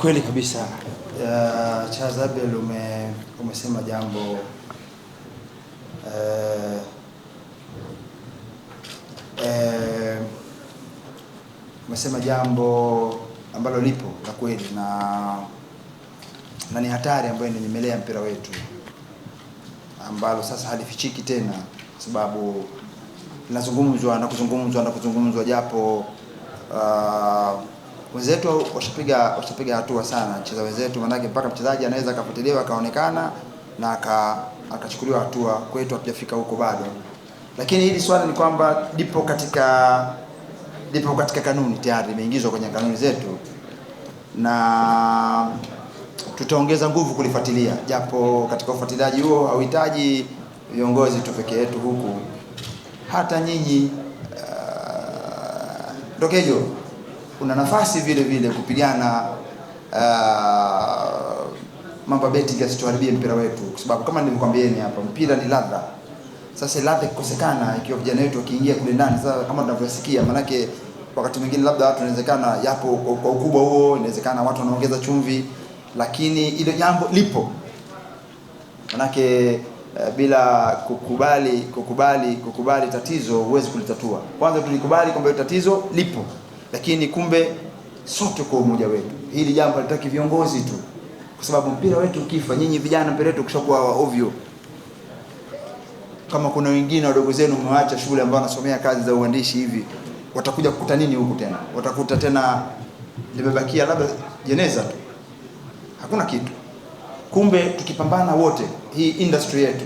Kweli kabisa. Uh, Charles Abel ume, umesema jambo uh, uh, umesema jambo ambalo lipo la kweli na na ni hatari ambayo inanyemelea mpira wetu ambalo sasa halifichiki tena, kwa sababu linazungumzwa na kuzungumzwa na kuzungumzwa japo uh, wenzetu washapiga washapiga hatua sana cheza wenzetu, maanake mpaka mchezaji anaweza akafuatiliwa akaonekana na akachukuliwa hatua. Kwetu hatujafika huko bado, lakini hili swala ni kwamba lipo katika lipo katika kanuni tayari, limeingizwa kwenye kanuni zetu na tutaongeza nguvu kulifuatilia, japo katika ufuatiliaji huo hauhitaji viongozi tu peke yetu huku, hata nyinyi uh, ndokejo una nafasi vile vile kupigana uh, mambo beti beti tuharibie mpira wetu, kwa sababu kama nilivyokuambieni hapa, mpira ni ladha. Sasa ladha ikikosekana, ikiwa vijana wetu wakiingia kule ndani, sasa kama tunavyosikia, maanake wakati mwingine labda watu inawezekana yapo kwa ukubwa huo, inawezekana watu wanaongeza chumvi, lakini ile jambo lipo manake uh, bila kukubali kukubali kukubali tatizo huwezi kulitatua. Kwanza tulikubali kwamba tatizo lipo lakini kumbe sote kwa umoja wetu. Hili jambo halitaki viongozi tu, kwa sababu mpira wetu ukifa, nyinyi vijana mpira wetu ukishakuwa wa ovyo. Kama kuna wengine wadogo zenu mmewaacha shule ambao wanasomea kazi za uandishi hivi, watakuja kukuta nini huku tena? Watakuta tena limebakia labda jeneza tu, hakuna kitu. Kumbe tukipambana wote, hii industry yetu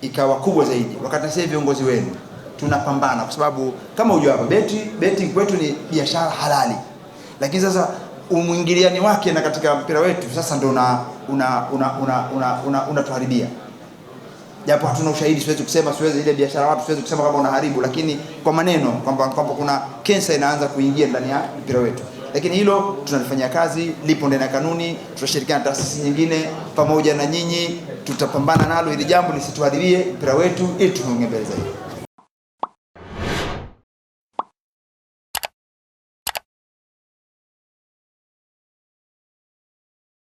ikawa kubwa zaidi, wakati sasa viongozi wenu tunapambana kwa sababu kama hujua hapa beti beti kwetu ni biashara halali, lakini sasa umwingiliani wake na katika mpira wetu sasa ndio una unatuharibia una, una, una, una una japo hatuna ushahidi, siwezi kusema, siwezi ile biashara watu, siwezi kusema kama unaharibu, lakini kwa maneno kwamba kwamba kuna kensa inaanza kuingia ndani ya mpira wetu, lakini hilo tunalifanyia kazi, lipo ndani ya kanuni, tutashirikiana taasisi nyingine pamoja na nyinyi, tutapambana nalo ili jambo lisituadhirie mpira wetu, ili tuongee mbele zaidi.